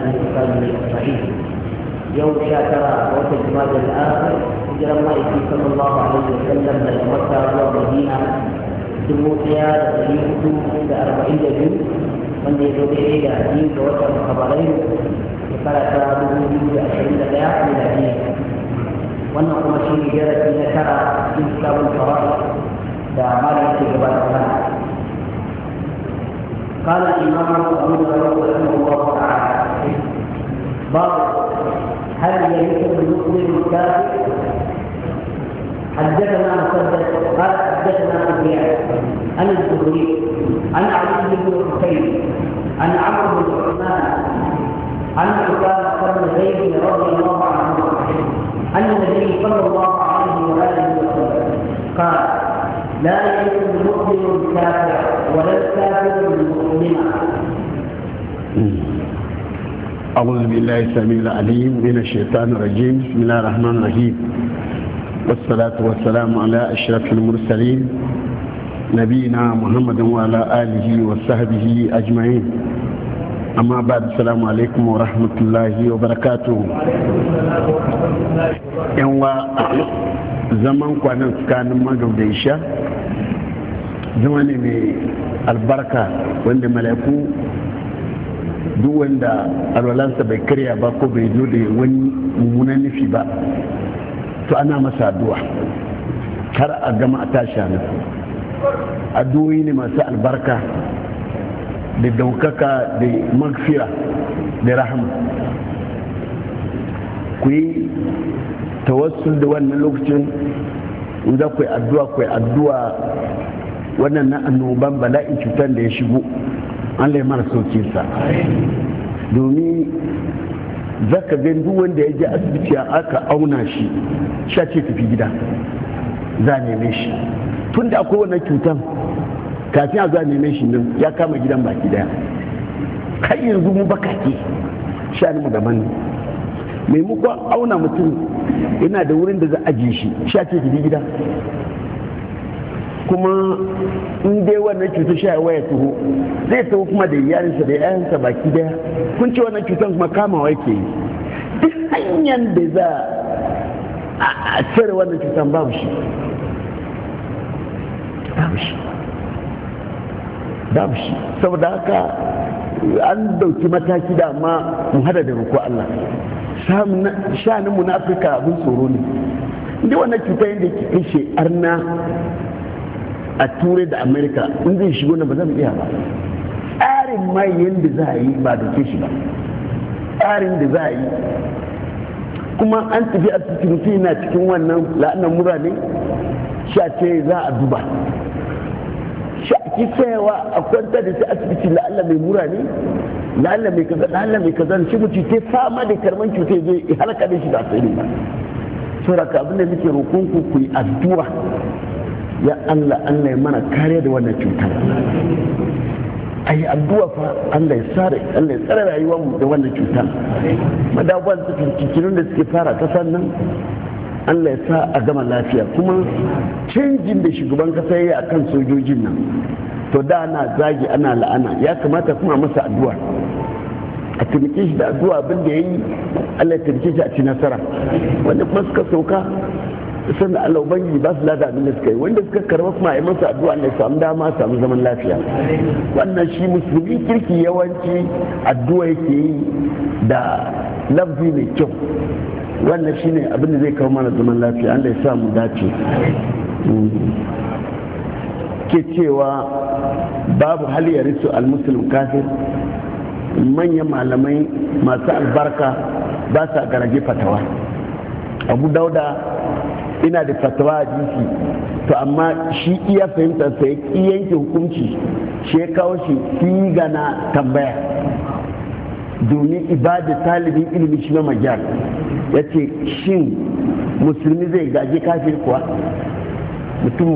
أن الإسلام من أجمعين يوم شاكرا وقت الجماد الآخر هجر الله صلى الله عليه وسلم من الله والمدينة سموتها تريد عند أربعين جزء من يزود إلى دين توكل الخبرين فلا تعبد من أشهر لا ميلادية وانه kuma shi ne jarabi na في كتاب الفرائض fara'i da قال الإمام أبو داود رحمه الله تعالى باب هل يليق بالمسلم الكافر حدثنا مسدد قال حدثنا ابي عن الزهري عن علي بن حسين عن عمرو بن عثمان عن عثمان بن زيد رضي الله عنه عن النبي صلى الله عليه واله وسلم قال لا يليق بالمسلم الكافر ولا الكافر المؤمن أعوذ بالله السميع العليم من الشيطان الرجيم بسم الله الرحمن الرحيم والصلاة والسلام على أشرف المرسلين نبينا محمد وعلى آله وصحبه أجمعين أما بعد السلام عليكم ورحمة الله وبركاته ينوى زمن كوانا كان مغرب ديشا زمن البركة وند ملائكو duk wanda alwalansa bai karya ba ko bai zo da wani mummunan nufi ba to ana masa addu'a har a gama a tashi nan addu'o'i ne masu albarka da daukaka da magfira da rahama ku yi tawassul da wannan lokacin in za ku yi addu'a ku yi addu'a wannan na annoban bala'in cutar da ya shigo An ya mara saukinsa domin za ka gan duk wanda ya ji asibiti aka auna shi sha ce tafi gida za a neme shi tun da akwai wannan cutan kafin a za a neme shi nan ya kama gidan baki daya kai yanzu mu bakake sha mu daban ne maimakon auna mutum yana da wurin da za a ajiye shi sha ce tafi gida kuma in dai wannan cutar sha waya tuho zai taho kuma da yarinsa da yayansa baki daya kun ce wannan cutar kuma kamawa yake yi duk hanyar da za a cire wannan cutar babu shi babu shi babu shi saboda haka an dauki mataki da amma mu hada da ruku Allah sha'anin mu na abin tsoro ne inda wannan cutar yadda ke kashe arna a turai da amerika in zai shigo nan ba zan iya ba tsarin mai yadda za a yi ba da ke shi ba tsarin da za a yi kuma an tafi a cikin mutum yana cikin wannan la'anar mura ne sha ce za a duba sha ki tsayawa a kwanta da ta cikin la'anar mai mura ne la'alla mai kaza la'anar mai kaza shi mutu ta fama da karman cutar zai halaka da shi ba sai ne ba saboda abin da muke roƙon ku ku yi addu'a ya Allah Allah ya mana kariya da wannan cutar a yi addu'a fa Allah ya tsare Allah ya tsare rayuwar da wannan cutar madabuwan su cikin da suke fara kasar nan Allah ya sa a gama lafiya kuma canjin da shugaban kasa ya yi kan sojojin nan to da ana zagi ana la'ana ya kamata kuma masa addu'a a taimake shi da addu'a abin ya yi Allah ya a ci nasara wanda kuma suka sauka sun Allah ubangi ba su lada abin da suka yi wanda suka karba kuma yi masa addu'a ne samu dama samu zaman lafiya wannan shi musulmi kirki yawanci addu'a yake yi da lafzi mai kyau wannan ne abin da zai kawo mana zaman lafiya da ya samu dace ke cewa babu hali ya risu almuslim kafir manyan malamai masu albarka ba sa garage fatawa abu dauda ina da fatawa disi to amma shi iya fahimtar sai ki yanke hukunci shi kawo shi siga na tambaya domin ibada talibin ilimi shi ma majal ya ce shin musulmi zai gaji kafir kuwa mutum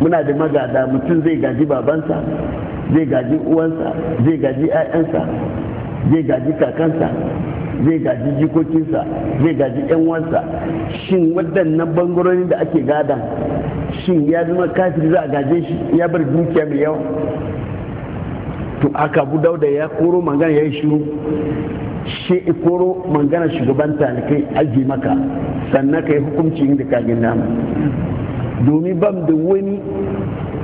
muna da magada mutum zai gaji babansa zai gaji uwansa zai gaji 'ya'yansa zai gaji kakansa zai gaji jikokinsa zai gaji yan wansa shin waɗannan bangarori da ake gadan shin ya zama kafiri za a gaje shi ya bar dukiya mai yawa to aka bu dauda ya koro magana ya yi shiru shi koro magana shugaban talikai aji maka sannan ka yi hukunci da kagin nama domin ban da wani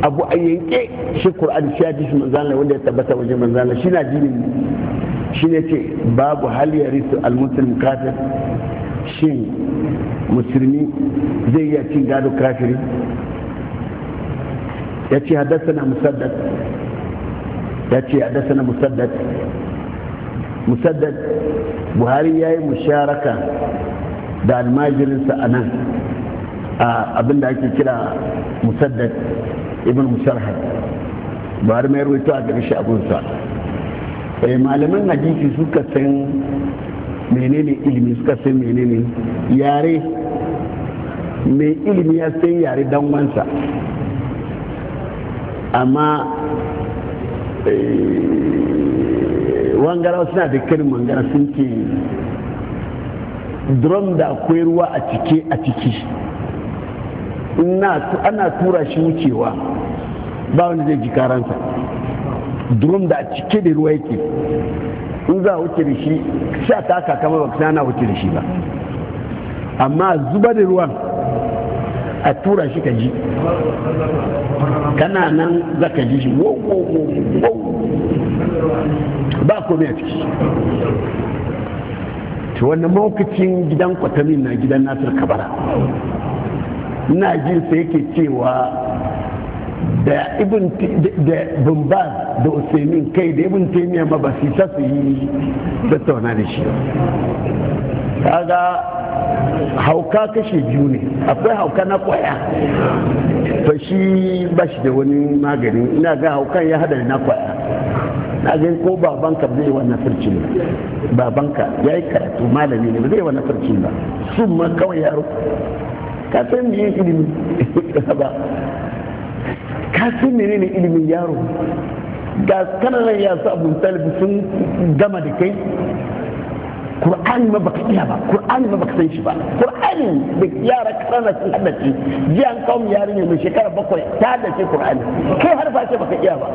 abu a yanke shi kur'an shi shi manzana wanda ya tabbata wajen manzana shi na jini shi ne ce babu hal ya risu almuslim kafir shin musulmi zai iya cin gado kafiri ya ce haddasa musaddad ya ce haddasa na musaddad musaddad buhari ya yi musharaka da almajirinsa a nan a abinda ake kira musaddad ibn musharhar buhari mai ruwaito a ƙarshe abunsa Eh, malaman hadisi suka san menene ilimi suka san menene yare mai ilimi ya san yare dan wansa amma eh, wangarawa suna da kirin mangara sun ke drum da akwai ruwa a cike a ciki ana tura shi wucewa ba wani zai ji karansa Durum da cike da ruwa yake in za a wuce da shi sha ta kama ba kusa na wuce da shi ba amma zuba da ruwan a tura shi ka ji kana nan za ka ji shi ba komai a ciki to wannan maukacin gidan kwatamin na gidan nasir kabara ina jin yake cewa da ibn da bumbaz da usaimin kai da ibn taimiyya ma ba su ta su yi tattauna da shi kaga hauka kashe biyu ne akwai hauka na kwaya to shi ba shi da wani magani ina ga haukan ya hada na kwaya na ga ko babanka zai wannan sarki ba babanka ya yi karatu malami ne ba zai wannan sarki ba su ma kawai yaro ka san me ilimi ka san menene ilimin yaro ga rai ya su abu talibu sun gama da kai Kur'ani ma baka iya ba Kur'ani ma baka san shi ba Kur'ani da yara kanana sun haddace jiya an kawo yarinya mai shekara bakwai ta haddace Kur'ani kai har ba ce baka iya ba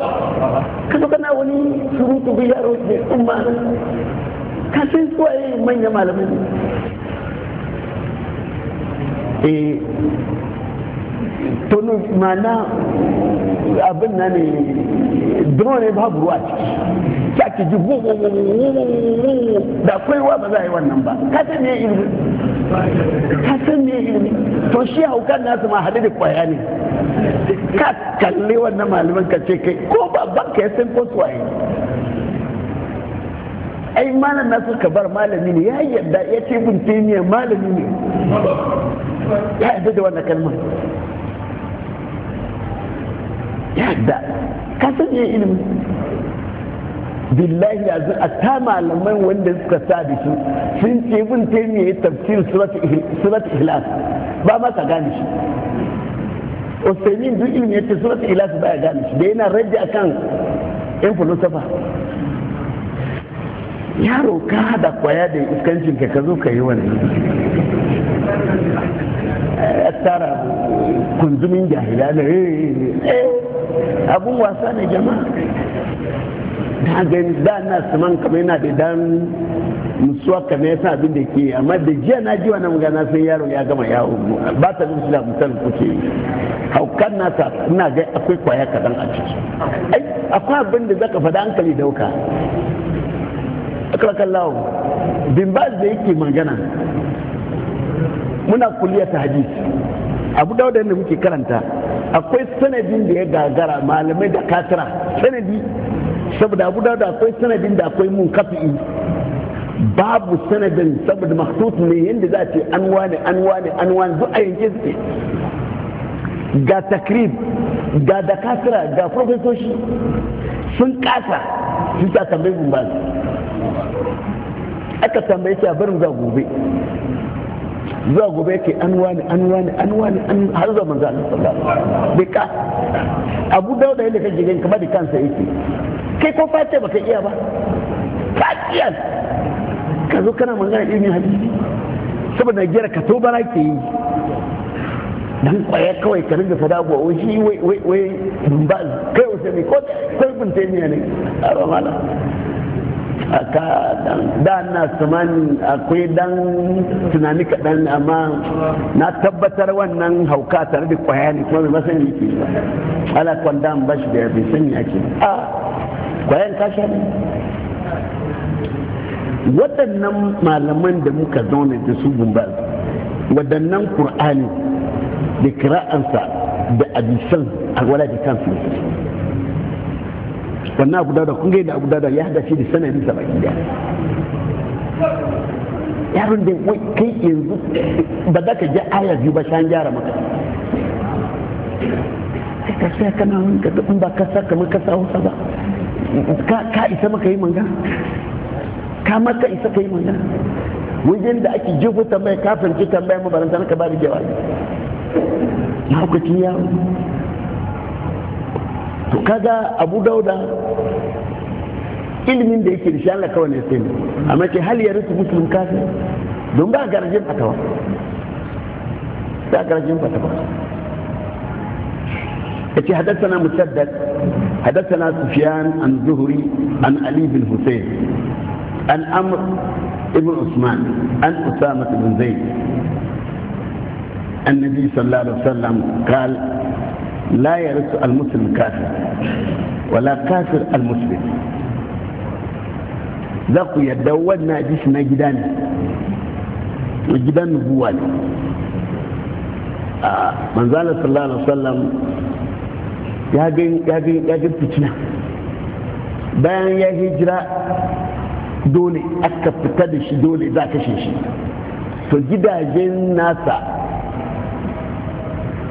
ka zo kana wani surutu bi yaro ne umma ka san suwaye manya malamai eh tonu mana abin na ne drone ne babu ruwa ciki ta ki ji da akwai wa ba za a yi wannan ba ka san me ilimi ka san me ilimi to shi haukan nasu ma hade da kwaya ne ka kalle wannan malaman ka ce kai ko ba banka ya san ko suwaye ai malam na ka bar malami ne ya yarda ya ce bin malami ne ya yarda da wannan kalmar yadda ka sanya ilimi billahi da zai a ta malamai wanda suka sa da shi sun ce bin yi tafsir surat ihlas ba ma ka gane shi usaimin duk ilimi ya ce surat ihlas ba ya gane shi da yana rage akan yan filosofa yaro ka hada kwaya da iskancin ka ka zo ka yi wani ya tara kunzumin jahila ne eh, eh, eh, eh. abun wasa ne jama'a na gani da na saman kamar yana da dan musuwa kamar yasa abin da ke amma da jiya na ji wani magana sai yaro ya gama yawo ba ta zuci da mutan kuke haukan nasa ina ga akwai kwaya kadan a ciki ai akwai abin da zaka faɗa hankali dauka akrakallawo bin ba da yake magana muna kulliyar ta hadisi abu dauda da muke karanta akwai sanadin da ya gagara malamai da katira sanadi saboda abu da akwai sanadin da akwai mun kafi'i babu sanadin saboda maktutu ne yadda za a ce an wane an wane an wane duk a yanke suke ga takrib ga da katira ga profesoshi sun kasa sun ta tambayi bumbazi aka tambayi shi a barin za gobe zuwa gobe ke an wani an wani an wani an har zuwa manzo Allah sallallahu alaihi wasallam dika Abu Dawud yadda kake gani kamar da kansa yake kai ko fata baka iya ba ka ka zo kana magana ilmin hadisi saboda gira ka na ke yi dan kwaye kawai ka ringa fada abuwa wai shi wai wai ba kai usai ko kai bin ne a ramana Aka da na tsammani akwai dan tunani kaɗan amma na tabbatar wannan hauka tare da kwaya ne kuma bai san yi ke ala kwandam ba shi da bai sani yake a kwayan kasha ne waɗannan malaman da muka zauna da su gumbaz waɗannan ƙur'ani da kira'ansa da abisan a wala da kansu wannan abu dauda kun da abu dauda ya hada shi da sanadin sa baki da yaron da kai yanzu ba za ka ji aya biyu ba shan gyara maka sai ka sai kana ka in ba ka sa kamar ka sa ba ka isa maka yi manga ka maka isa ka yi manga wajen da ake jefo tambaya kafin ki tambaya mabaranta na ka ba da jawabi na hukaci yaro to kaga abu dauda ilimin da yake da shi Allah kawai ne sai ne amma ce hal ya rusu musulun kafin don ba garajin fatawa ba garajin fatawa yace hadathana musaddad na Sufiyan an zuhri an ali bin husayn an amr ibn usman an usama bin zayd النبي صلى الله عليه وسلم قال la yarisu almuslim kafir wala kafir almuslim za ku yarda wannan hadisi na gida ne to gidan nubuwa ne a manzala sallallahu alaihi wasallam ya ga ya ga ya bayan ya hijira dole aka fita da shi dole za kashe shi to gidajen nasa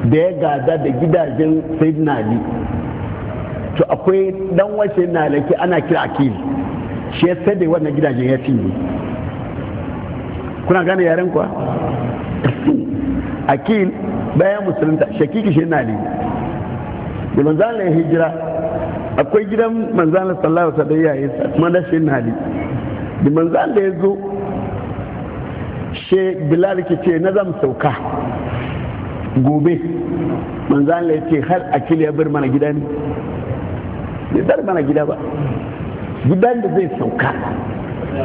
da ya gada da gidajen sayyidina ali to akwai dan wace na laki ana kira akil shi ya sai da wannan gidajen ya cinye kuna gane yaren kuwa akil bayan musulunta shakiki shi na ali da manzana ya hijira akwai gidan manzana sallallahu alaihi wasallam yayin yi kuma da shi na ali da manzan da ya zo she bilal ke ce na zam sauka gobe manzo Allah ya ce har akili ya bar mana gida ne bai bar mana gida ba gidan da zai sauka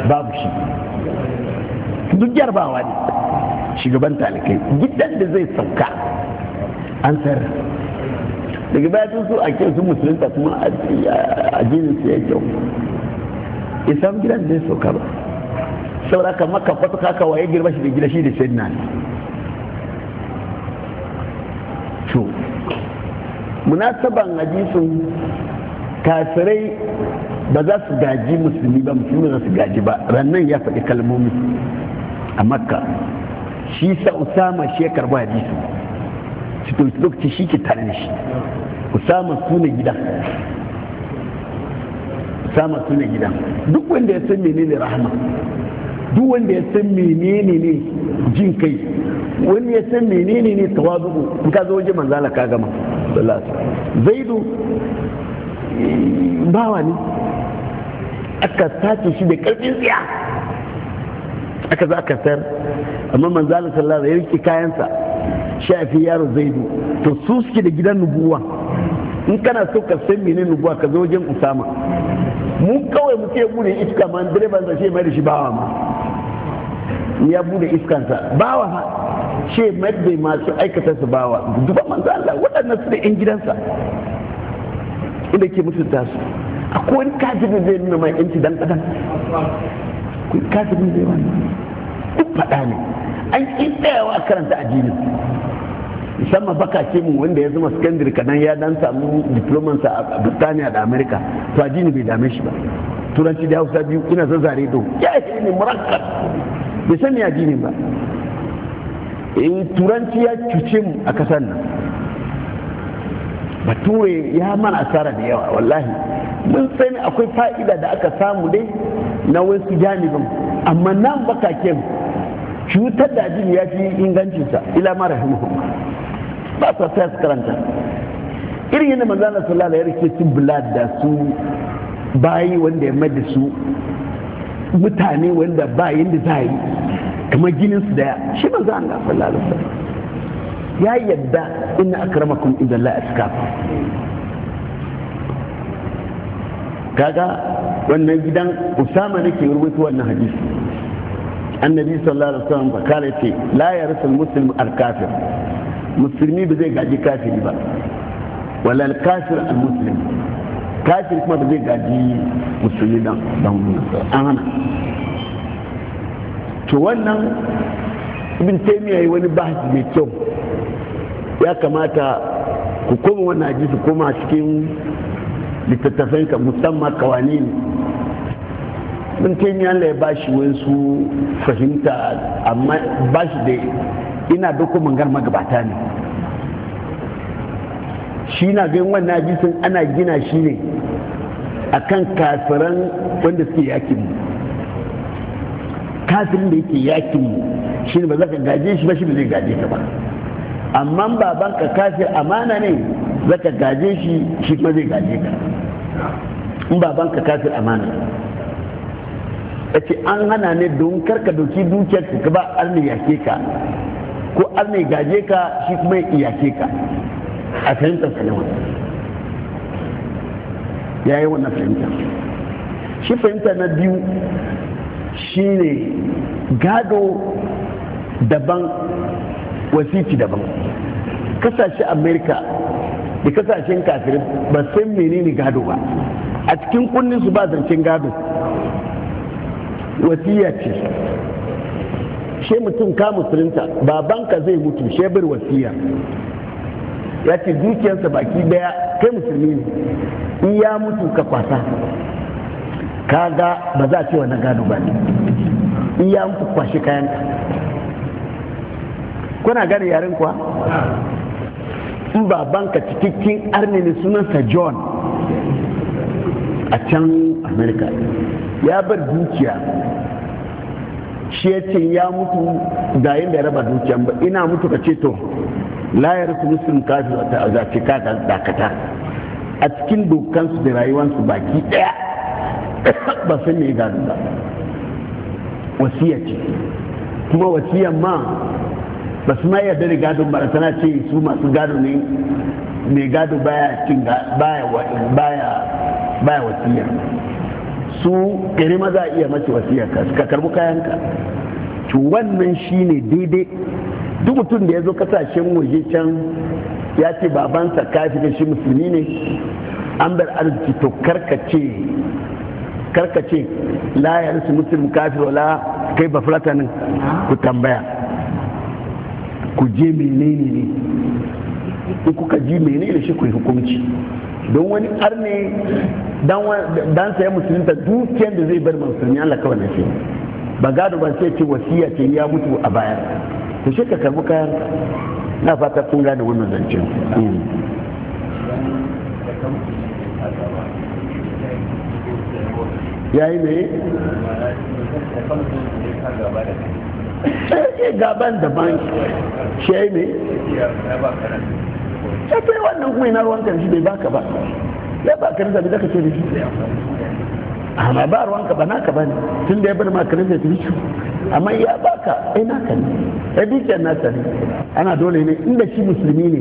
babu shi duk yarbawa ne shugaban talikai gidan da zai sauka an sarra daga baya sun so a kyan su musulunta kuma a jinin su ya kyau isam gidan da zai sauka ba saboda haka maka fata kaka waye girma shi da gida shi da sayyidina ne to munasaban hadisin kafirai ba za su gaji musulmi ba musulmi za su gaji ba rannan ya faɗi kalmomi a makka shi sa usama shi ya karbi hadisi su to lokaci shi ke tare da shi usama su ne gidan usama su ne gidan duk wanda ya san menene rahama duk wanda ya san menene ne jin kai wani ya san menene ne tawazu in ka zo waje manzala ka gama zaidu bawa ne aka sace shi da karfin tsiya aka za aka sayar amma manzala sallallahu ya rike kayansa shafi yaro zaidu to su suke da gidan nubuwa in kana so ka san menene nubuwa ka zo wajen usama mu kawai mu ce mu ne iska ma direban zai mai da shi bawa ma ya bude iskansa bawa ha she madde masu aikata su bawa dubban manzo Allah waɗannan su ne in gidansa inda ke ta su akwai wani kafin zai nuna mai yanci dan kadan kafin zai wani duk faɗa ne an ƙi tsayawa karanta addinin musamman baka ce mu wanda ya zama sakandare kanan ya dan samu diplomansa a Birtaniya da Amerika to addini bai dame shi ba turanci da Hausa biyu ina son zare do ya ne murakkar bai a addinin ba eh turanci ya cuce mu a kasar nan bature ya mana asara da yawa wallahi mun sani akwai fa'ida da aka samu dai na wasu janibin amma nan bakaken cutar da ajin ya fi ingancinsa ila mara ba sa sai su karanta irin yadda manzana sallallahu alaihi wasallam su bulad da su bayi wanda ya mai su mutane wanda ba yadda za yi kamar ginin su daya shi ba za a ga sallallahu alaihi wasallam ya yadda inna akramakum inda la askafu kaga wannan gidan usama nake rubuta wannan hadisi annabi sallallahu alaihi wasallam ba kare ce la yarsul muslim al kafir musulmi ba zai gaji kafiri ba wala al kafir al muslim kafir kuma ba zai gaji musulmi dan dan an to wannan ibn taymiya yi wani bahasi mai kyau ya kamata ku koma wannan hadisi koma cikin littattafai ka musamman kawani ne ibn taymiya Allah ya bashi wasu fahimta amma bashi da ina doko mangar magabata ne shi na ganin wannan hadisin ana gina shi ne akan kafiran wanda suke yakin mu kafin da yake yakin mu shi ne ba za ka gaje shi ba shi ba zai gaje ka ba amma ba baban ka kafin amana ne za ka gaje shi shi kuma zai gaje ka in ba baban ka kafin amana ya ce an hana ne don karka doki dukiyar ka ba ne yake ka ko ne gaje ka shi kuma yake ka a fahimtar salama ya yi wannan fahimtar shi fahimta na biyu Shi ne gado daban wasiki daban kasashe amerika da kasashen kafin ba san menene gado ba a cikin kunnin su ba zancen gado wasiya ce she mutum ka musulunta babanka zai mutu shebir wasiya ya ce dukiyarsa baki daya kai musulmi ne in ya mutu ka kwasa kaga ba za a ce wannan gado ba ne iya ku kwashi kayan kuna gane yaren kuwa in babanka cikakken arnini sunansa john a can america ya bar dukiya shi ya ce ya mutu da yin da ya raba dukiya. ina mutu ka ce to layar su muslim kafin a zafi ka dakata a cikin dokansu da rayuwansu baki daya ba san me gado ba wasiya ce kuma wasiyan ma ba su ma yarda da gado ba tana ce su masu gado ne mai gado baya cin baya baya wasiya su kare ma za a iya mace wasiya ka suka karbi kayanka to wannan shine daidai duk mutum da ya zo kasashen waje can ya ce babansa kafin da shi musulmi ne an bar arziki to karkace karkace la ya rasu muslim kafir wala kai ba fulatanin ku tambaya ku je menene ne in kuka ji menene shi ku yi hukunci don wani arne dan saya musulunta dukiyar da zai bar musulmi Allah kawai na ce ba gado ba sai ce wasiya ce ya mutu a baya to shi ka karbi kayan na fata kun gane wannan zancen hmm. ya yi ya gaban da banki shi ya yi ya wannan kuma yana ruwan bai baka ba ya ba zabi ce da shi amma ba ba naka ba ne tun da ya bar ya baka ai eh, naka ne eh, ne ana dole ne inda shi musulmi ne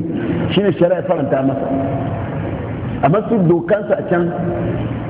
shine shari'a faranta masa amma su dokansa a can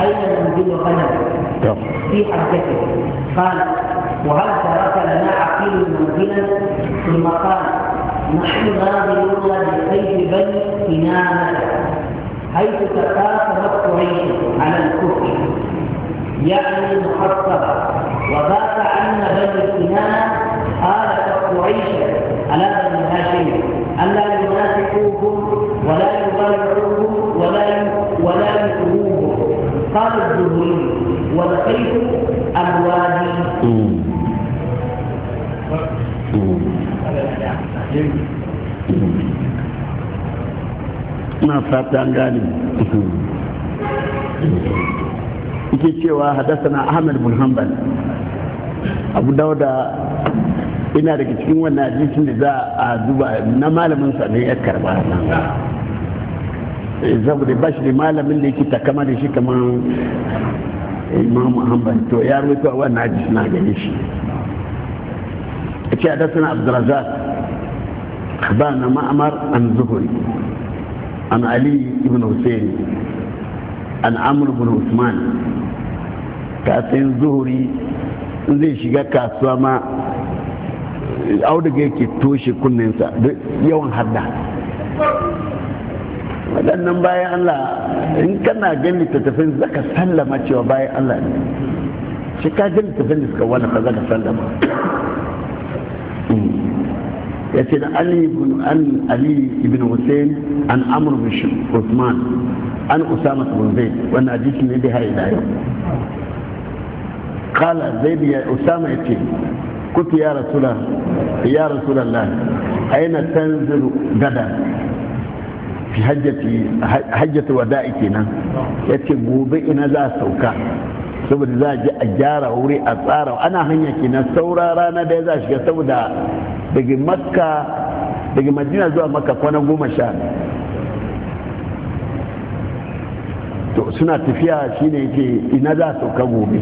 أين ننزل الغنم في حجته قال وهل ترك لنا عقيل منزلا ثم قال نحن ناظرون لسيف بني كنانة حيث تكاثرت قريش على الكفر يعني محصبة وذاك عنا بني كنانة قالت قريش على بني هاشم ألا قال الزهري ولقيت الوادي na fata gani yake cewa hadasana ahmad bin hanbal abu dauda ina daga cikin wannan hadisin da za a duba na malamin sa ne ya karba zabu da bashi da malamin da yake takama da shi kamar imam muhammad to ya rubuta wannan hadisi na gani shi ce hadathana abdurrazzaq na ma'amar an zuhri an ali ibn husayn an amr ibn usman ka san zuhri zai shiga kasuwa ma auduga yake toshe kunninsa yawan hadda waɗannan bayan Allah in kana gan littattafin zaka sallama cewa bayan Allah ne shi ka gan littattafin da suka wani ka zaka sallama ya ce da Ali ibn Ali ibn Hussein an Amr bin Uthman an Usama bin Zaid wannan hadisi ne da hayi da yau قال ya ce, أسامة ya rasu da, ya rasu da رسول الله أين تنزل غدا fi hajjata wada'i kenan ya ce gobe ina za a sauka saboda za a je a gyara wuri a tsara ana hanya kenan saura rana da ya za a shiga saboda daga makka daga madina zuwa makka kwana goma sha to suna tafiya shine yake ina za a sauka gobe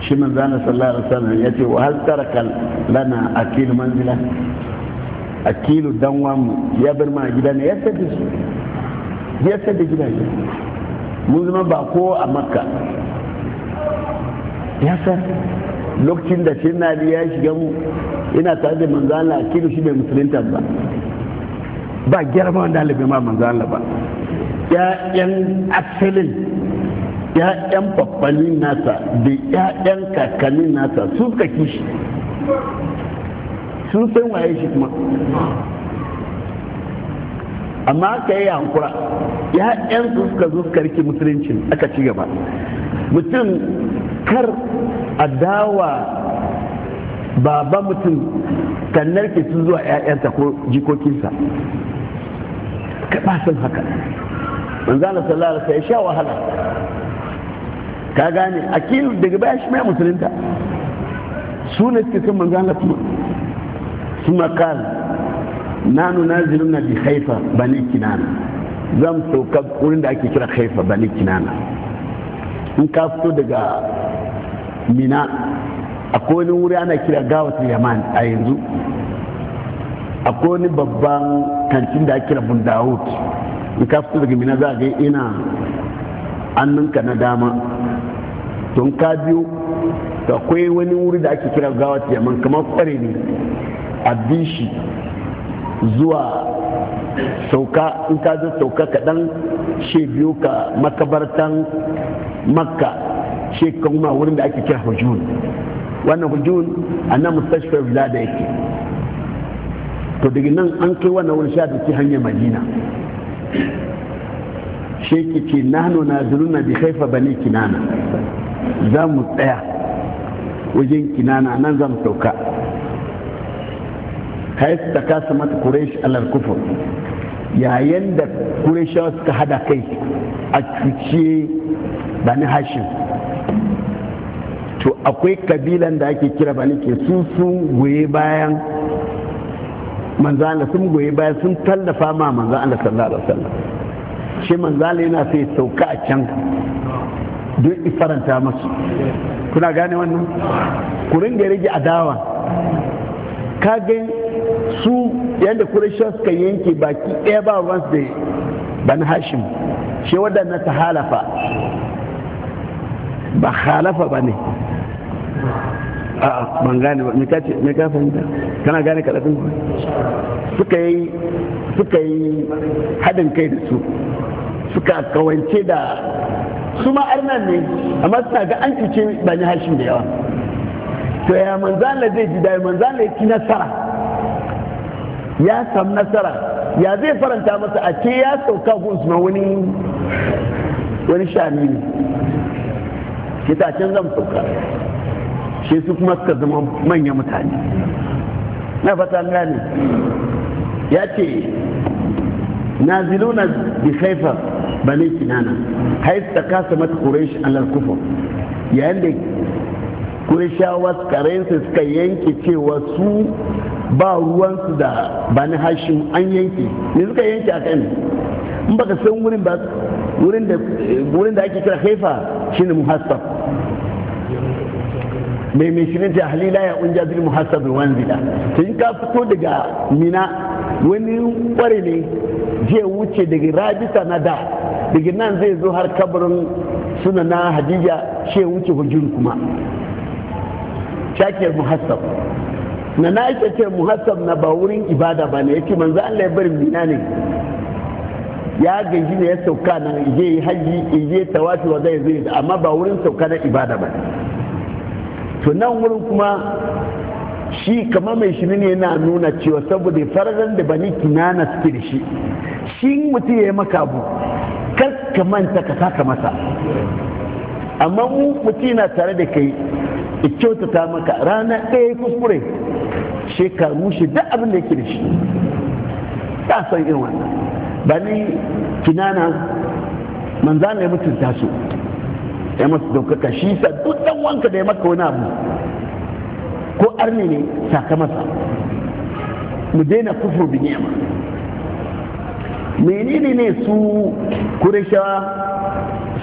shi manzana sallallahu alaihi wasallam ya ce wa hal taraka lana akil manzila a kilo dan wamu ya bar ma gida ne ya sadda su ya sadda gida ne mun zama ba ko a makka ya san lokacin da shi nali ya shiga mu ina tare da manzo a kilo shi bai musulunta ba ba girma wanda Allah ma manzo ba ya yan asalin ya yan babbanin nasa da ya yan kakannin nasa su suka kishi sun san waye shi kuma amma ka yi hankura ya yan su suka zo suka rike musulunci aka ci gaba mutum kar a dawa baba mutum kan narke su zuwa ya'yanta ko jikokinsa ka basan haka manzana sallallahu alaihi ya sha wahala ka gane akil daga baya shi mai musulunta su ne suke son manzana kuma suna kan nanu nazirin na bi haifa bani kinana zan sauka wurin da ake kira haifa bani kinana in ka fito daga mina akwai wani wuri ana kira gawa ta yaman a yanzu akwai wani babban kancin da ake kira bundawut in ka fito daga mina za a ga ina annunka na dama tun ka biyo akwai wani wuri da ake kira gawa ta yaman kamar kware ne a shi zuwa sauka in ka zo sauka kaɗan she biyu ka makabartan makka she kuma wurin da ake kira hujun wannan hujun a nan mustashfar bila da yake to daga nan an kai wannan wurin sha ke hanya madina she ke ce nano na zuruna bi haifa ne kinana za mu tsaya wajen kinana nan za mu sauka kasa mata kureshi alar kufur yayin da quraishawa suka hada kai a cuce bani hashim to akwai kabilan da ake kira bani ke su sun goye bayan manzana sun goye bayan sun tallafa ma manzana Allah sallallahu alaihi shi manzo yana sai sauka a can don ifaranta masu kuna gane wannan ku ringa rage adawa ka ga su yadda kurashin suka yanke baki ɗaya ba ruwan da ban hashim shi waɗanda ta halafa ba halafa ba ne a'a ban gane ba me ka fahimta kana gane karatun ku suka yi suka yi haɗin kai da su suka kawance da su ma arnan ne amma suna ga an cuce bani hashim da yawa to ya manzana zai ji da manzana ya ci nasara ya samu nasara ya zai faranta masa a ce ya sauka gun wani wani shani ne kita zan sauka shi su kuma suka zama manyan mutane na fata gane ya ce na naziluna bi haifar bane kinana haifar ta kasa mata quraish an larkufa yayin da qurayshawa karensa suka yanke cewa su ba ruwansu da bani hashin an yanke ne suka yanke a kan in baka san wurin ba wurin da ake kira haifa shine muhassab mai mai shirin ta halila ya unja zuri muhassab wanzila to in ka fito daga mina wani kware ne je wuce daga rajista na da daga nan zai zo har kabarin suna na hadija shi wuce hujjun kuma shakiyar muhassab na na ake ce muhassab na ba wurin ibada ba ne yake manzo Allah ya bari mina ne ya gaji ne ya sauka na je yi haji je tawafi wa zai zai amma ba wurin sauka na ibada ba to nan wurin kuma shi kamar mai shi ne yana nuna cewa saboda farzan da bani kinana suke da shi shi mutum ya yi maka abu kar ka manta ka saka masa amma mu mutum na tare da kai kyautata maka rana ɗaya kuskure shekaru shi duk abin da yake da shi ta san irin wannan ba ni kinana manzana ya mutunta su ya masu daukaka shi sa duk dan wanka da ya maka wani abu ko arne ne sakamaka mu daina kufur bi ni'ama menene ne su kurishawa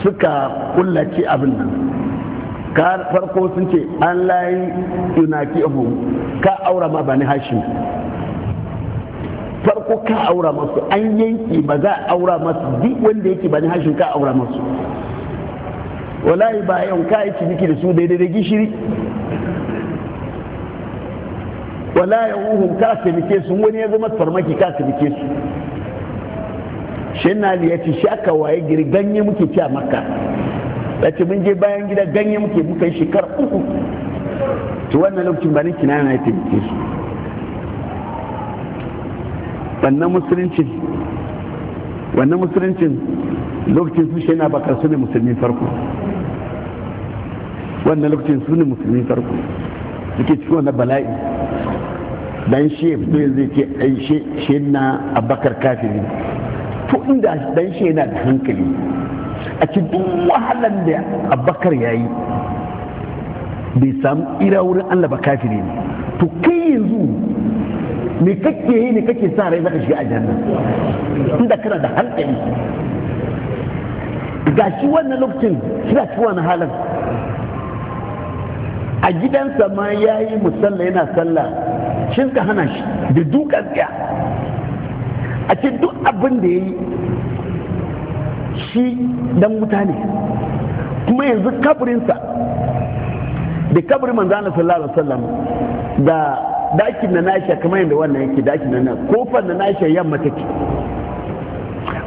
suka kullace abin nan farko sun ce an layi yunaki abu ka aura ma bani hashi farko ka aura masu an yanki ba za a aura masu duk wanda yake bani hashim ka aura masu wallahi yau ka yi ciniki da su daidai da gishiri wallahi uhun ka taimake su wani ya zama farmaki ka taimake su shi na liyaci shi aka waye giri ganye muke ci a makka da ce mun je bayan gida ganye muke muka yi shekar uku to wannan lokacin ba ni na na taimake su wannan musuluncin wannan musuluncin lokacin su shi yana bakar su ne musulmi farko wannan lokacin su ne musulmi farko suke cikin wannan bala'i dan shi ne zai ce ai shi na abakar kafiri to inda dan shi yana da hankali a ci duk wahalan da abakar ya yi bai samu ira wurin allah ba kafiri ne to kai yanzu me kake yi ne kake sa rai zaka shiga a inda kana da hankali ga shi wannan lokacin kira ci wani halin a gidansa ma ya yi musalla yana sallah shin ka hana shi da dukan tsaya a ce duk abin da ya yi shi dan mutane, kuma yanzu kabirinsa, da kaburin manzana sallallahu alaihi wasallam da dakin na nasha kamar yadda wannan yake dakin na nasha kofar na nasha yamma take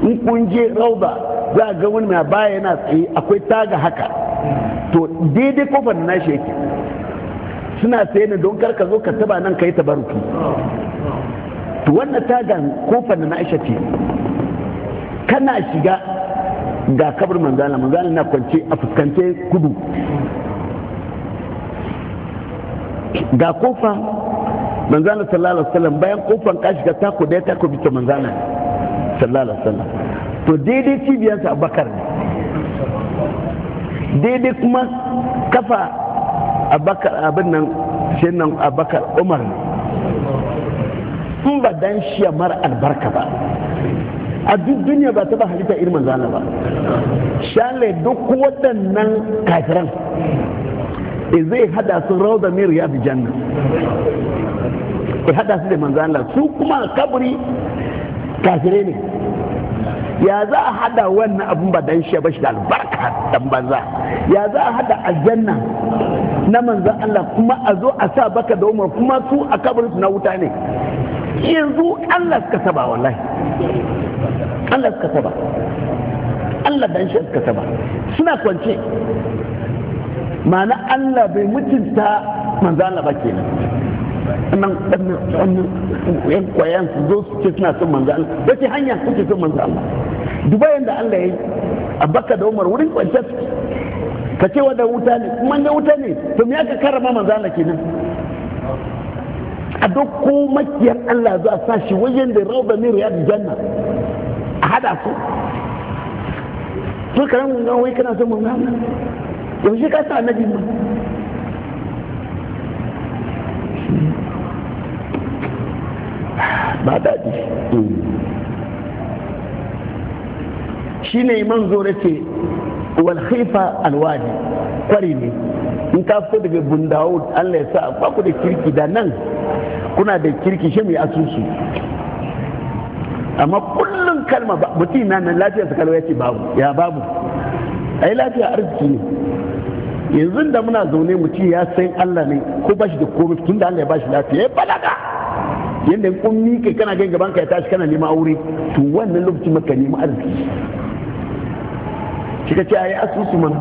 in kun je rauda za ga wani mai baya yana tsaye akwai taga haka to daidai kofar na nasha yake suna tsaye ne don karka zo ka taba nan ka yi tabaruki to wannan tagan kofar na nasha ce kana shiga ga kabar manzana manzana na kwance a fuskance kudu ga kofa manzana sallallahu alaihi wasallam bayan kofan kashi ga tako da ya tako bita manzana sallallahu alaihi wasallam to daidai cibiyarsa abakar ne daidai kuma kafa abakar abin nan shi nan abakar umar ne in ba dan shi mara albarka ba a duk duniya ba ta ba halitta irin manzana ba shale duk waɗannan kafiran e zai hada su rauda min riyadu janna ya e hada su da manzana su kuma kaburi kafirai ne ya za a hada wannan abun ba dan shi ba shi da albarka dan banza ya za a hada aljanna na manzan Allah kuma a zo a sa baka da umar kuma su a kabarin na wuta ne yanzu Allah suka saba wallahi Allah suka saba Allah dan shi suka saba suna kwance ma'ana Allah bai mutunta manzo Allah ba kenan nan wannan yan kwayan su zo su ce suna son manzo Allah wace hanya kuke son manzo Allah dubayin da Allah ya yi da Umar wurin kwance ka ce wa da wuta ne kuma ne wuta ne to me aka karama manzo Allah kenan a ko makiyar Allah zuwa sa shi wajen da rauda min riyad janna a hada su sun karamu na wai kana son mun hana yaushe kasa na annabi mu ba daɗi shi ne iman manzo ce wal khifa wadi kwari ne in ka fito daga bundawo Allah ya sa ba ku da kirki da nan kuna da kirki shi mai asusu amma kullum kalma mutum na nan lafiyar sa kalwa ce babu ya babu ai lafiya arziki ne yanzu da muna zaune mutum ya san Allah ne ko bashi da komai tun da Allah ya bashi lafiya ya balaga yadda in kun mike kana gan gaban ka ya tashi kana neman aure to wannan lokacin maka neman arziki kika ce ayi asusu man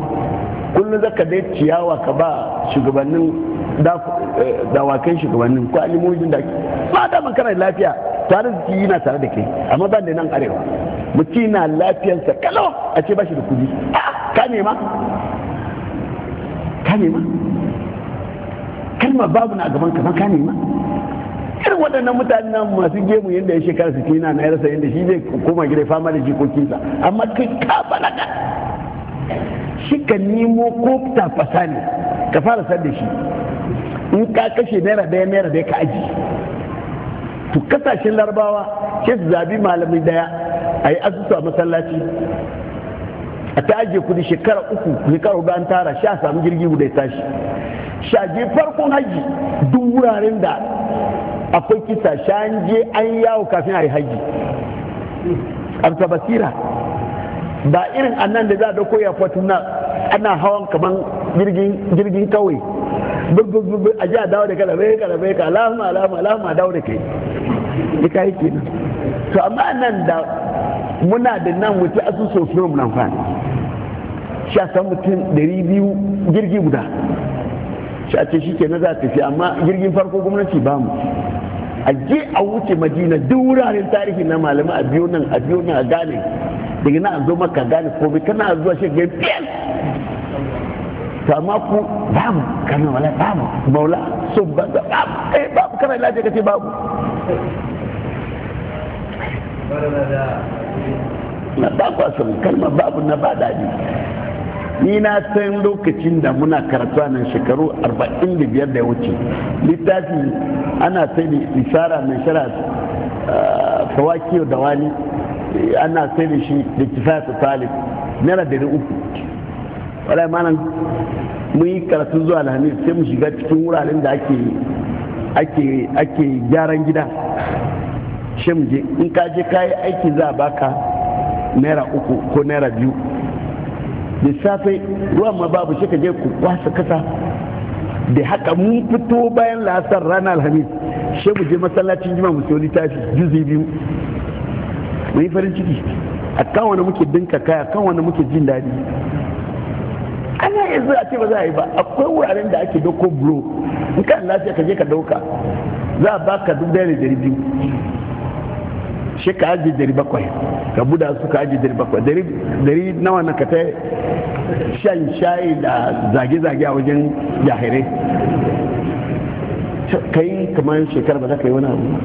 kullum zaka dai ciyawa ka ba shugabannin eh, dawakan shugabannin ko alimojin da ke. ba da man kana lafiya tare da yana tare da kai amma ban da nan arewa mutum na lafiyarsa kalau a ce ba shi da kudi ka nema ka nema kalma babu na gaban ka ka nema irin waɗannan mutane nan masu gemu yadda ya shekara su na na yarsa yadda shi zai koma gida fama da jikokinsa amma kai ka balaga shi ka nemo ko ta fasali ka fara sar da shi in ka kashe naira daya naira daya ka aji to kasashen larabawa sai su zabi malamai daya a yi asusu a masallaci a ta ajiye kudi shekara uku shekara hudu an tara sha samu jirgi guda ya tashi sha je farkon haji duk wuraren da akwai kisa sha an je an yawo kafin a yi haji amsa basira ba irin annan da za a dauko ya na ana hawan kaman jirgin kawai a ji a dawo da kalabe kalabe ka alama alama alama dawo da kai ya kayi kenan to amma nan da muna da nan wuce asusun suna muna fani a san mutum dari biyu jirgi guda a ce shi ke na za tafi amma jirgin farko gwamnati ba mu a je a wuce madina duk wuraren tarihi na malamai a biyo nan a biyo nan a gane daga na zo maka gane komai kana zuwa shi ga biyar to amma ku babu kana wala babu maula so ba babu eh babu kana ka ce babu na ba ku asalin kalma babu na ba dadi ni na san lokacin da muna karatu nan shekaru 45 da ya wuce littafi ana sai da isara mai shara ah, fawakiyar da wani ana sai da shi da kifafi ta talib naira dari uku wadai manan mun yi karatu zuwa alhamis sai mu shiga cikin wuraren da ake ake ake gyaran gida shi mu je in ka je kayi aiki za a baka naira uku ko naira biyu da safe ruwan ma babu shi ka je ku kwasa kasa da haka mun fito bayan lasar ranar alhamis shi mu je masallacin jima mu sayo littafi juzi biyu mai farin ciki a kan wani muke dinka kaya kan wani muke jin daɗi yi yanzu a ce ba za a yi ba akwai wuraren da ake doko bro in ka lafiya ka je ka dauka za a ba ka duk da dari biyu shi ka aji dari bakwai ka buda su ka aji dari bakwai dari nawa na ka ta shan shayi da zage-zage a wajen jahirai ka yi kamar shekara ba za ka yi wani abu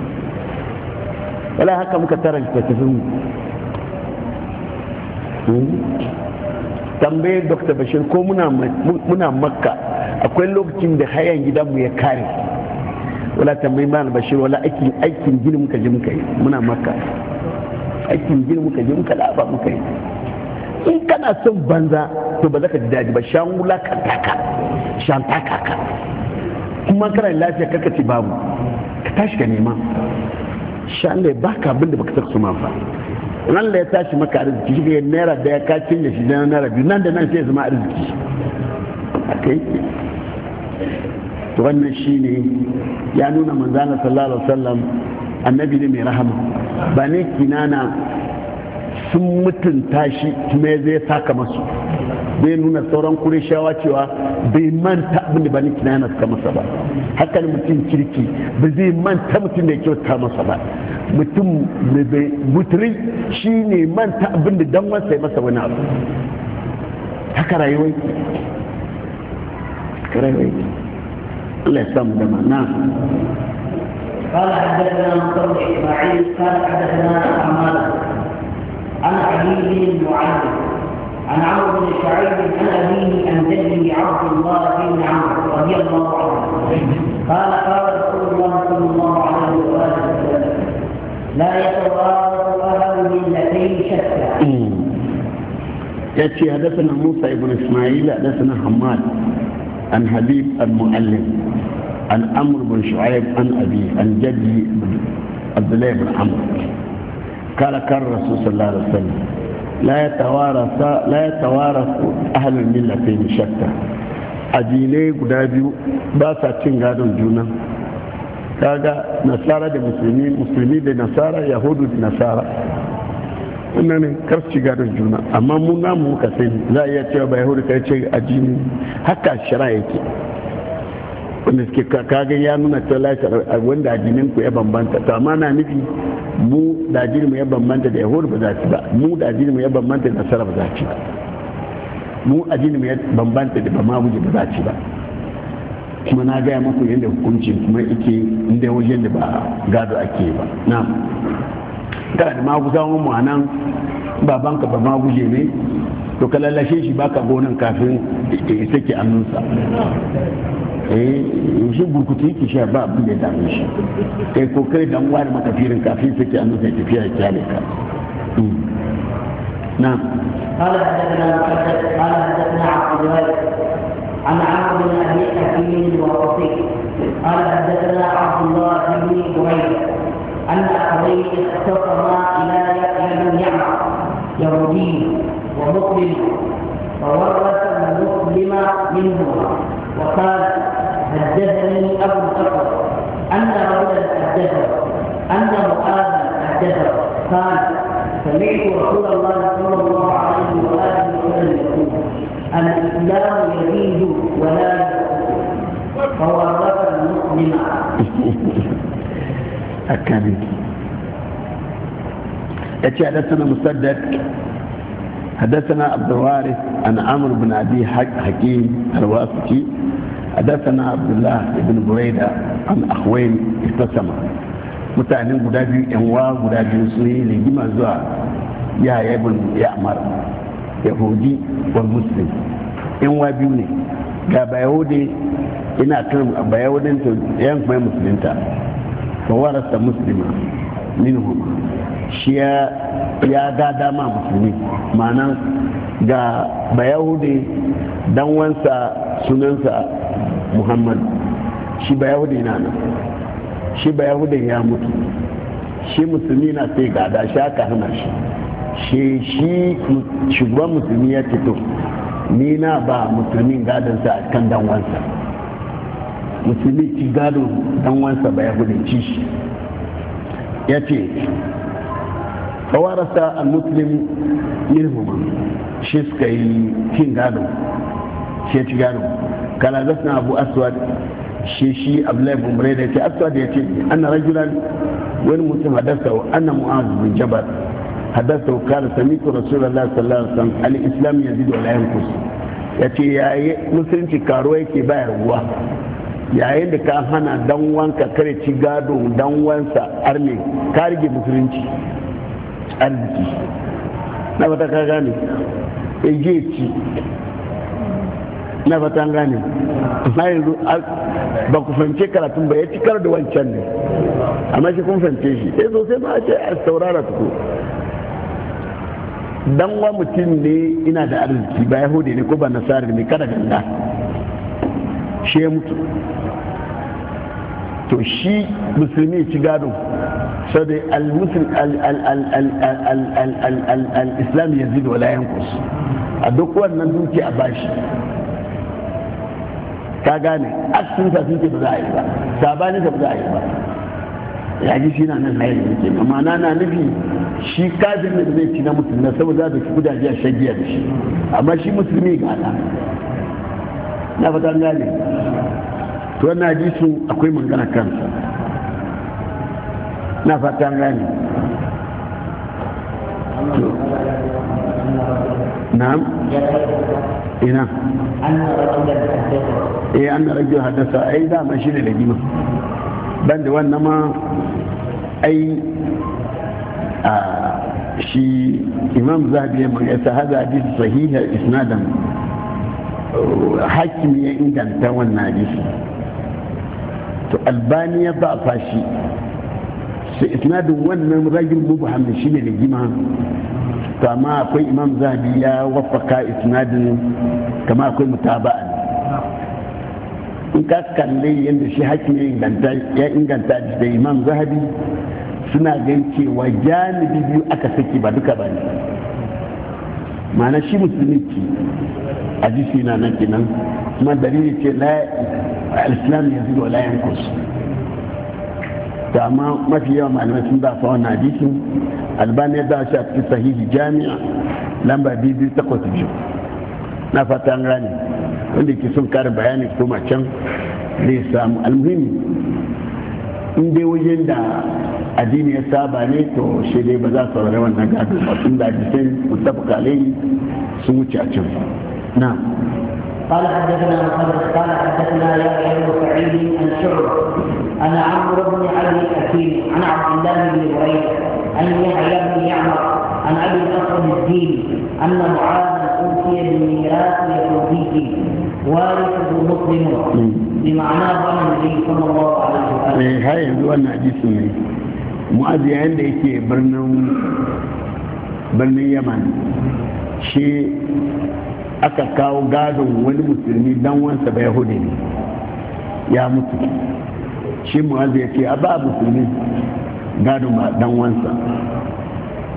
wala haka muka taranta tafin mu hmm? tambaye dr bashir ko muna makka akwai lokacin da hayan gidanmu ya kare wala tambayi mal bashir wala aikin aikin gini muka je muka yi muna makka aikin gini muka je muka laba muka yi in kana son banza to ba za ka ji dadi ba shan wula ka shan taka ka kuma kana lafiya karka ce babu ka tashi ka nema sha Allah ya baka abin da baka saka su manfa nan da ya tashi maka arziki shi ga naira da ya ka cinye shi da naira biyu nan da nan sai zama arziki akai to wannan shine ya nuna manzana sallallahu alaihi wasallam annabi ne mai rahama ba ne kinana sun mutunta shi kuma ya zai saka masu zai nuna sauran kureshawa cewa bai manta abin da bani kinana suka masa ba haka ne mutum kirki ba zai manta mutum da ya kyauta masa ba mutum mai mutri shi ne manta abin da dan wansa ya masa wani abu haka rayuwa haka rayuwa Allah ya samu dama na قال حدثنا مصطفى اسماعيل قال حدثنا عمار عن علي بن المعلم عن عمرو بن شعيب عن أبيه عن جده عبد الله بن عمرو رضي الله عنه قال قال رسول الله صلى الله عليه وسلم لا يتوارث أهل ملتين شتى يأتي حدثنا موسى بن إسماعيل حدثنا حماد عن حبيب المعلم عن عمرو بن شعيب عن أبيه عن جدي عبد الله بن عمرو قال كان الرسول صلى الله عليه وسلم la ya tawara su ahalin millatai shakka ajilai guda biyu ba sa cin gadon juna kaga nasara da musulmi musulmi da nasara yahudu da nasara wannan ne kar gadon juna amma mu namu muka sani za a iya cewa ba yahudu kai ce ajini haka shara yake wanda suke kagan ya nuna a wanda addinin ku ya bambanta to amma na nufi mu da addinin mu ya bambanta da yahudu ba za ci ba mu da addinin mu ya bambanta da nasara ba za ci ba mu addinin mu ya bambanta da bama wuje ba za ci ba kuma na gaya muku yadda hukunci kuma ike inda wajen da ba gado ake ba na ta da maguzawan mu a babanka ba wuje ne to ka lallashe shi baka gonan kafin ya sake annunsa eh shi burkutu yake sha ba abin da ya dame shi kai ko kai dan wani makafirin kafin sake annunsa ya tafiya ya kyale ka نعم قال حدثنا مسدد قال حدثنا عبد الوهاب عن عمرو بن ابي حكيم الوقفي قال حدثنا عبد الله بن ابي ان ابيه اختصما الى قال حدثني ابو بكر ان رجلا حدثه ان قال حدثه قال سمعت رسول الله صلى الله عليه واله وسلم يقول الاسلام يزيد ولا ينقص فورث المسلم أكمل أتي حدثنا مسدد حدثنا عبد الوارث عن عمرو بن أبي حكيم الواسطي حدثنا عبد الله بن بريدة عن أخوين اختصما متعلم guda biyu قدابي wa guda biyu يا yi ligima zuwa ya yabin ya amar yahudi wa biyu ne ga ina kan bayahudin to yan kuma musulunta fa warasa muslima shi ya musulmi ma'ana ga bayahudi dan wansa sunansa muhammad shi ba yahudi na nan shi ba yahudi ya mutu shi musulmi na sai gada shi aka hana shi shi shi shugaban musulmi ya fito ni na ba musulmin gadonsa a kan danwansa musulmi ci gado danwansa ba yahudi ci shi ya ce tsawararsa al Musulmi minhuma shi suka yi cin gado shi ci gado kana zasna abu aswad shi shi abdullahi bin buraida ya ce aswad ya ce anna rajulan wani mutum hadasa anna mu'az bin jabal hadasa kala samitu rasulullahi sallallahu alaihi wasallam al-islam yazidu wa la yanqus ya ce yayi musulunci karuwa yake bayar ruwa yayin da ka hana dan wanka kare ci gado dan wansa arne ka rige musulunci arziki na ba ta ka gane ya ci na fatan gane na yanzu ba ku fahimce karatun ba ya ci kar da wancan ne amma shi kun fahimce shi ya zo sai ma ce a saurara tuku dan wa mutum ne ina da arziki ba ya yahudi ne ko ba nasarar ne kada ganda shi ya mutu to shi musulmi ci gado sau da al-islam ya zido wala yankus a duk wannan duki a bashi ka gane aksin sa sun ce ba za a yi ba sabani sa ba za a yi ba ya ji shi na nan hayar yake amma na na nufi shi kafin da zai ci na mutum na saboda da kudaje a shagiya da shi amma shi musulmi ga ala na fata gane to wannan hadisin akwai mangana kansa na fata gane نعم إيه نعم أن رجلا حدثه إيه أن رجلا حدثه أي ذا ما شيء لجيمة بند وإنما أي آه شي إمام ذهبي هذا حديث صحيح إسنادا حكم يندم تولى حديث to albani ya ba fashi sai isnadin wannan ragin mubham da ne rigima to amma akwai imam zahabi ya wafaka isnadin kama akwai mutaba'a in ka kalli yadda shi hakin ya inganta da imam zahabi suna gan cewa janibi biyu aka saki ba duka ba ne ma'ana shi musulmi ki a jisi na nan kuma dalili ce la islam yanzu wa la yankus to amma mafi yawan malamai sun ba fa wannan hadisin albani da shi a cikin sahihi jami'a lamba biyu takwas biyu na fata an gane wanda ke son karin bayani koma can zai samu almuhimmi in dai wajen da addini ya saba ne to shi dai ba za su saurari wannan gado ba tun da hadisin mutafaka alaihi sun wuce a can na قال حدثنا محمد قال حدثنا يحيى بن سعيد عن شعبه أنا عمرو بن علي حكيم عن عبد الله بن بريده عن يحيى بن يعمر عن ابي الاسود الدين ان معاذ اوتي بالميراث يهودي وارثه مسلم بمعناه ظن النبي صلى الله عليه وسلم. إيه، هاي wannan hadisi ne mu'azi yayin da برنو birnin birnin aka kawo gadon wani musulmi dan wansa bai ne ya mutu shi muwazi ya ce a ba musulmi gado ma dan wansa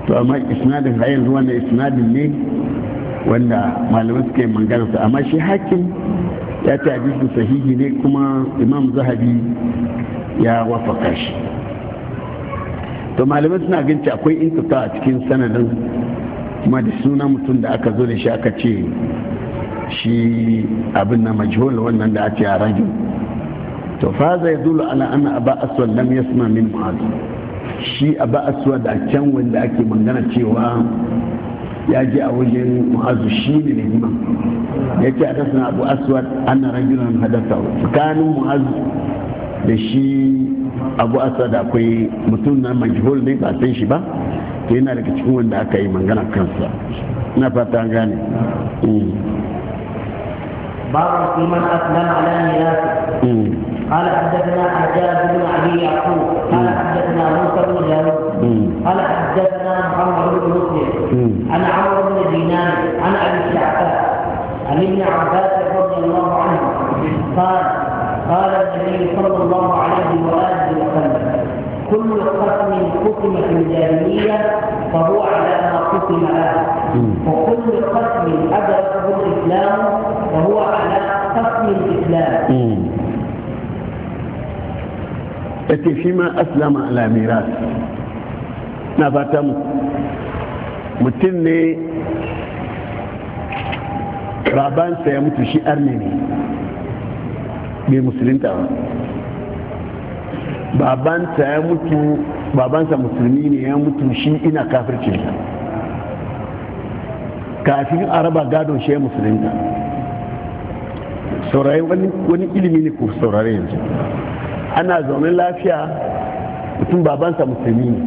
to amma isnadin a yanzu wannan isnadin ne wanda malamai suka yi su amma shi hakim ya ce hadisi sahihi ne kuma imam zahabi ya wafaka shi to malamai suna ganci akwai intata a cikin sanadin kuma da suna mutum da aka zo da shi aka ce shi abin na majhul wannan da ake a rajin to fa zai dulu ala ana aba aswad lam yasma min mu'adh shi aba aswad a can wanda ake magana cewa ya je a wajen mu'azu shi ne ne ma ya ce hadasana abu aswad ana rajulan hadasa tsakanin mu'azu da shi abu aswad akwai mutum na majhul ne ba san shi ba to yana daga cikin wanda aka yi magana kansa Ina fata gane mm. باب في من اسلم على ميراثه قال حدثنا حجاج بن ابي يعقوب قال حدثنا موسى بن جابر قال حدثنا محمد بن مسلم عن عمرو بن دينار عن ابي الشعبان عن ابن عباس رضي الله عنه قال قال النبي صلى الله عليه واله وسلم كل قسم قسم في الجاهليه فهو على ما قسم له وكل قسم ادركه الاسلام وهو على حكم الإسلام yake shi ma aslama ala miras na fata mutum ne rabansa ya mutu shi arne ne bai musulinta ba babansa ya mutu babansa musulmi ne ya mutu shi ina kafirce kafin araba gadon shi ya musulunta saurari wani ilimi ne ko saurari yanzu ana zaune lafiya mutum babansa musulmi ne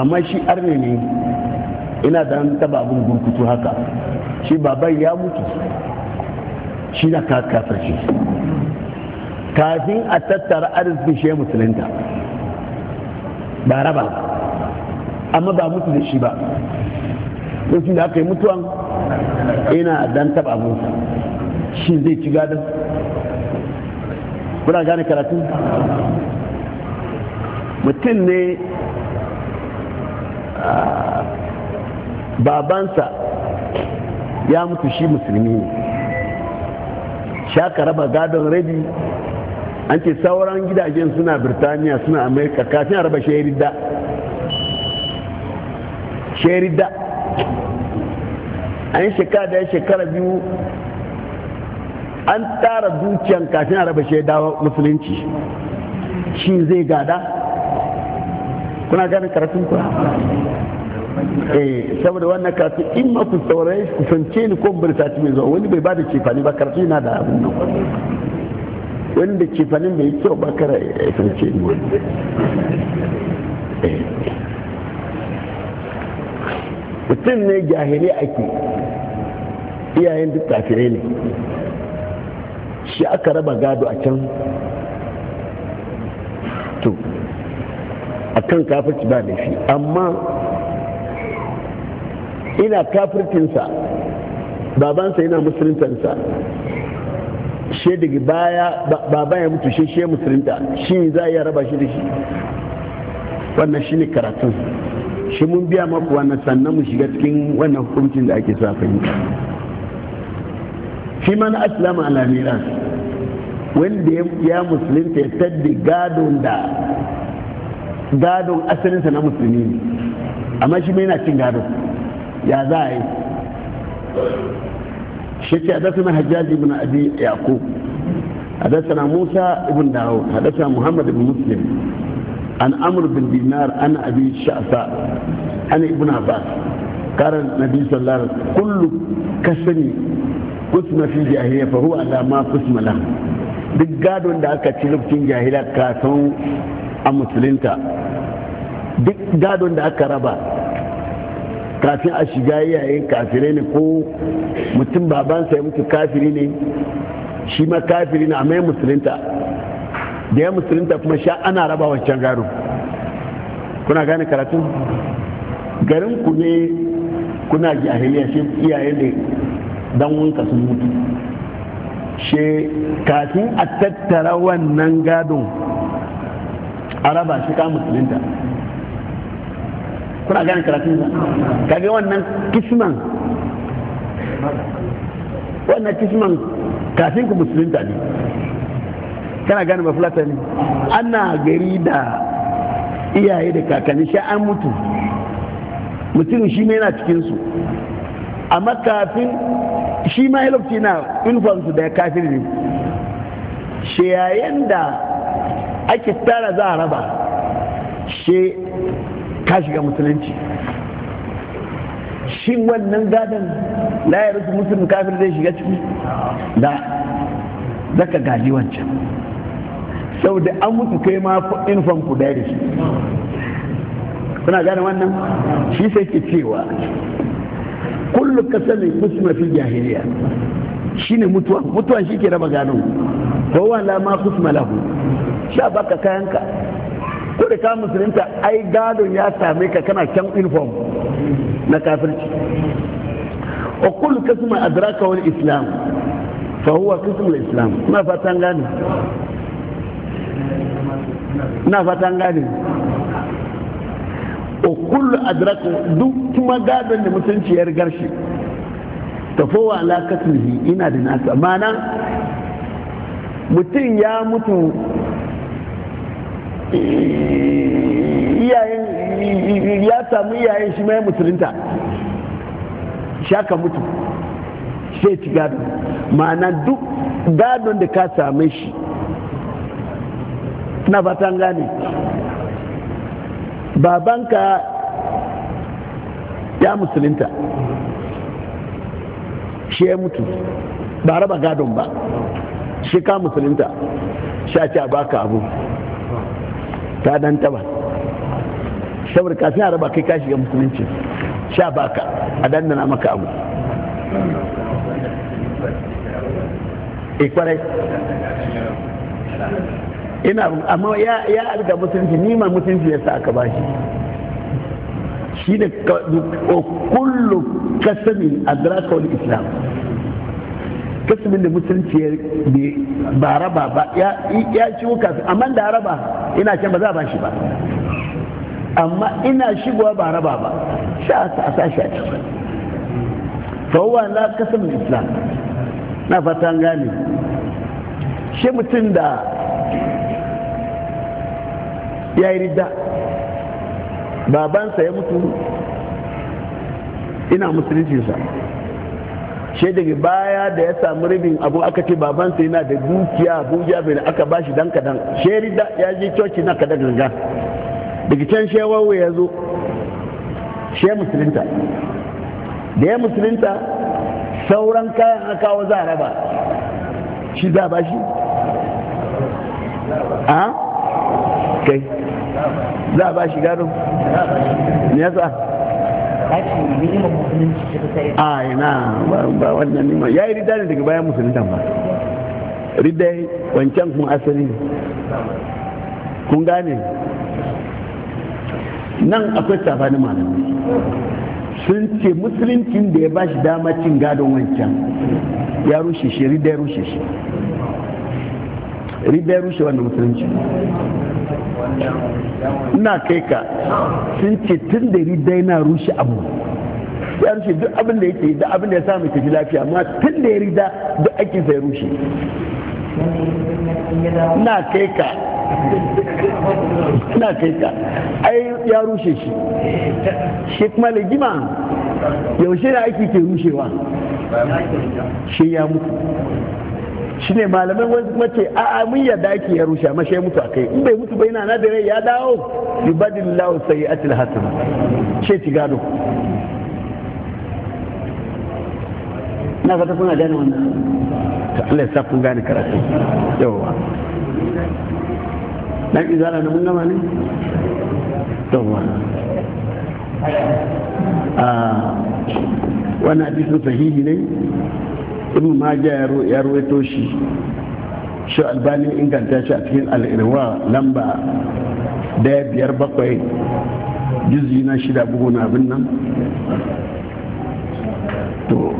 amma shi arne ne ina da taba abin gurkutu haka shi baban ya mutu shi na kafar shi kafin a tattara arzikin shi ya musulunta ba raba amma ba mutu da shi ba lokacin da aka yi mutuwan ina dan taba abinsa shi zai ci gadon kuna gane karatu mutum ne babansa ya mutu shi musulmi ne shaka raba gadon rabi an ce sauran gidajen suna birtaniya suna amerika kafin a raba shairida shairida an shekara da ya shekara biyu an tara dukiyan kafin a raba shi dawo musulunci shi zai gada kuna ganin karatun kuwa eh saboda wannan karatu in ma ku saurare ku fance ni ko bar ci mai zuwa wani bai bada cefani ba karatu yana da abin nan wani da cefanin bai kyau ba kara ya fance ni wani eh. mutum ne jahili ake iyayen duk kafirai ne shi aka raba gado a can to a kan kafirci ba da shi amma ina kafircinsa babansa yana musuluntansa she daga baya baba ya mutu she she musulunta shi za a raba shi da shi wannan shi ne karatun shi mun biya maku wannan sannan mu shiga cikin wannan hukuncin da ake sa fahimta shi mana aslama ala miras wanda ya ya musulunta ya tadda gadon da gadon asalinsa na musulmi ne amma shi mai na cin gadon ya za a yi shi ce adasana hajjaji ibn abi yaqub adasana musa ibn dawo adasana muhammad ibn muslim an amr bin dinar an abi sha'sa an ibn abbas karan nabi sallallahu alaihi wasallam kullu kasani kusma fi jahiliya fa ma kusma duk gadon da aka ci lokacin jahila kasan a musulunta duk gadon da aka raba kafin a shiga yayin kafire ne ko mutum babansa ya mutu kafiri ne shi ma kafiri ne amma musulunta da ya musulunta kuma sha ana raba wancan gado kuna gane karatu garin ku ne kuna jahiliya shi iyayen da dan wanka sun mutu she kafin a tattara wannan gadon a raba shi ka musulunta kuna gane karatun sa kage wannan kisman wannan kisman kafin ku musulunta ne kana gane mafulata ne ana gari da iyaye da kakanni sha an mutu mutum shi ne yana cikinsu amma kafin shi ma lokaci na uniform da ya kafin ne shi yayin da ake tara za a raba shi ka shiga musulunci shin wannan gadon layar su musulun kafin zai shiga ciki da zaka gaji wancan sau da an mutu kai ma uniform ku da shi kuna gane wannan shi sai ke cewa kullu kasamin kusma fi jahiliya shine mutuwa mutuwa shi ke raba gano kowa la ma kusma lahu sha baka kayanka ko da ka musulunta ai gadon ya same ka kana can uniform na kafirci wa kullu kasma adraka wal islam fa huwa kasmul islam na fatan gane na fatan gane o kullu adraku duk kuma gadon da mutunci ya rigar shi tafowa ala kasmihi ina da nasa mana mutum ya mutu iyayen ya samu iyayen shi mai musulunta shaka mutu sai ci gado mana duk gadon da ka same shi na fatan gane babanka ya musulunta shi ya mutu ba raba gadon ba shi ka musulunta a ce a baka abu ta dan taba saboda kafin a raba kai ka shiga musulunci a baka a dandana maka abu ikwarai eh, ina amma ya ya arga mutunci ni ma mutunci yasa aka bashi shi da kullu kasabin adraka wal islam kasimin da musulunci ba raba ba ya ci wuka amma da raba ina can ba za a ba shi ba amma ina shigowa ba raba ba sha a sa sha a ciki fawwa la kasimin islam na fatan gane shi mutum da ya yi ridda babansa ya mutu ina musuluncinsa shi daga baya da ya samu ribin abu aka ce babansa yana da dukiya abuja bai aka ba shi dan kadan shi ridda ya je coci na kadan ganga daga can shi wawo ya zo shi musulunta da ya musulunta sauran kayan aka kawo za a raba shi za ba shi a ah? kai za a ba shi gado me yasa a ina ba wannan nima ya yi ridda ne daga bayan musulunta ba ridda wancan kun asali kun gane nan akwai tsafani malamai sun ce musuluncin da ya ba shi damacin cin gadon wancan ya rushe shi ridda ya rushe shi ridda ya rushe wannan musulunci na kai ka sun ce tun da dai na rushe abu ya rushe duk abin da yake da abin da ya samu tafi lafiya amma tun da ya rida duk ake sai rushe na kai ka na kai ka ai ya rushe shi shi kuma legima yaushe da ake ke rushewa shi ya mutu shine malamai mace a mun yarda ake ya rushe amma shi mutu kai in bai mutu bai na da rai ya dawo a cikin hasana ce ci gado na fata kuna gane wannan to Allah ya sa kun gane karatu yawa dan izala da mun gama ne yawa a ah, wannan hadisin sahihi ne ibn majah ya ruwaito shi shi albani inganta shi a cikin al'irwa lamba daya biyar bakwai juzi na shida buguna bin nan to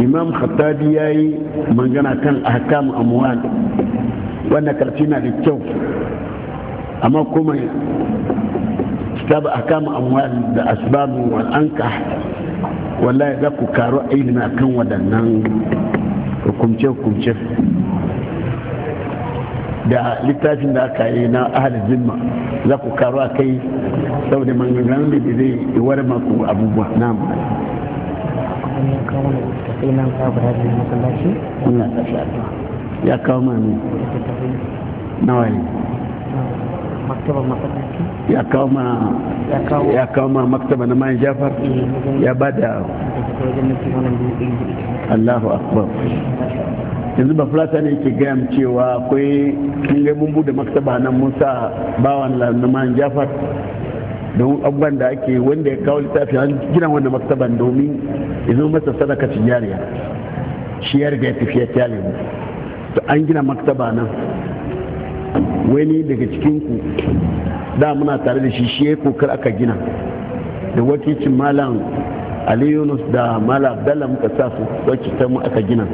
imam khattabi ya yi magana kan ahkam amwal wannan karfi na da kyau amma kuma kitab ahkam amwal da asbabu wal anka. wallahi za ku karu ilimi kan waɗannan hukumce-hukumce da littafin da aka yi na ahalin zimma za ku karu a kai saboda manganan da zai wani maku abubuwa na ya kawo mana nawa ne ya kawo mana ya kawo mana maktaba na mayan jafar eh, ya ba da allahu akbar yanzu ba fulata ne ke gayam cewa akwai ga mun bude maktaba nan musa bawan na mayan jafar don abubuwan da ake wanda ya kawo littafi an gina wannan maktaban domin yanzu masa sadaka tijariya shi ya riga ya tafiya kyale to an gina maktaba nan wani daga cikinku da muna tare da shi shi ya kokar aka gina da wakilcin malam ali yunus da malam abdallah muka sa su mu aka gina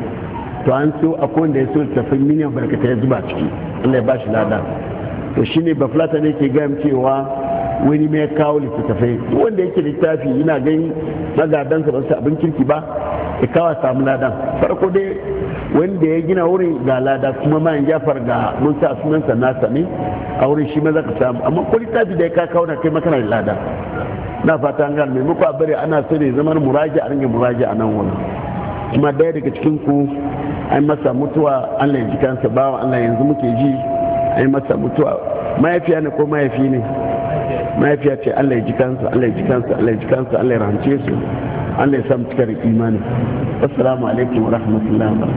to an so a kowanda ya so tafi miliyan barkata ya zuba ciki allah ya bashi lada to shi ne bafulata ne ke gam cewa wani mai kawo littattafai wanda yake littafi yana ganin magadansa ba su abin kirki ba ya kawo samu ladan farko dai wanda ya gina wurin ga lada kuma man jafar ga mun sa sunansa nasa ne a wurin shi ma za ka samu amma ko littafi da ya ka kauna kai makana da lada na fata an gane maimako a bari ana so ne zaman muraji a ringa muraji a nan wani kuma daya daga cikin ku an masa mutuwa allah ya ji kansa bawa allah yanzu muke ji an masa mutuwa mahaifiya ne ko mahaifi ne mahaifiya ce allah ya ji kansa allah ya ji kansa allah ya ji kansa allah ya su allah ya samu cikar imani assalamu alaikum wa rahmatullahi wa